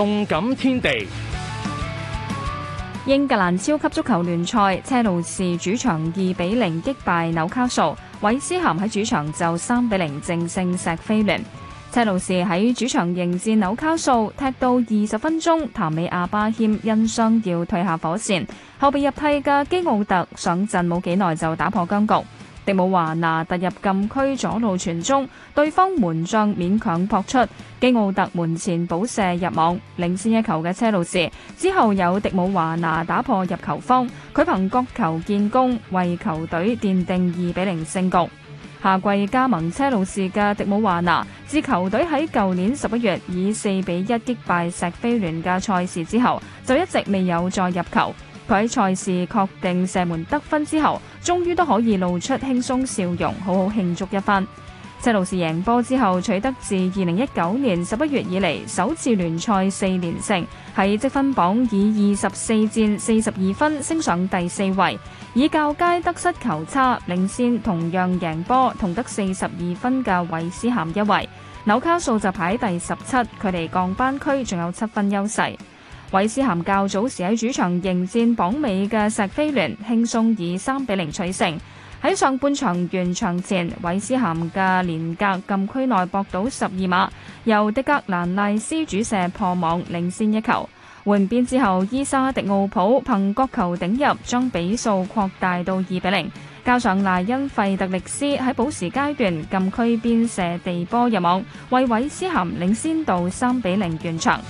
動感天地，英格蘭超級足球聯賽，車路士主場二比零擊敗紐卡素，韋斯咸喺主場就三比零淨勝錫菲聯。車路士喺主場迎戰紐卡素，踢到二十分鐘，譚美亞巴謙因傷要退下火線，後備入替嘅基奧特上陣冇幾耐就打破僵局。迪姆華拿突入禁區左路傳中，對方門將勉強撲出，基奧特門前補射入網，領先一球嘅車路士之後，有迪姆華拿打破入球荒，佢憑角球建功，為球隊奠定二比零勝局。下季加盟車路士嘅迪姆華拿，自球隊喺舊年十一月以四比一擊敗錫菲聯嘅賽事之後，就一直未有再入球。佢喺賽事確定射門得分之後，終於都可以露出輕鬆笑容，好好慶祝一番。車路士贏波之後，取得自二零一九年十一月以嚟首次聯賽四連勝，喺積分榜以二十四戰四十二分升上第四位，以較佳得失球差領先同樣贏波同得四十二分嘅韋斯咸一位。紐卡素就排第十七，距離降班區仲有七分優勢。韋斯咸較早時喺主場迎戰榜尾嘅錫菲聯，輕鬆以三比零取勝。喺上半場完場前，韋斯咸嘅連格禁區內博到十二碼，由迪格蘭賴斯主射破網領先一球。換邊之後，伊莎迪奧普憑角球頂入，將比數擴大到二比零。加上賴恩費特力斯喺補時階段禁區邊射地波入網，為韋斯咸領先到三比零完場。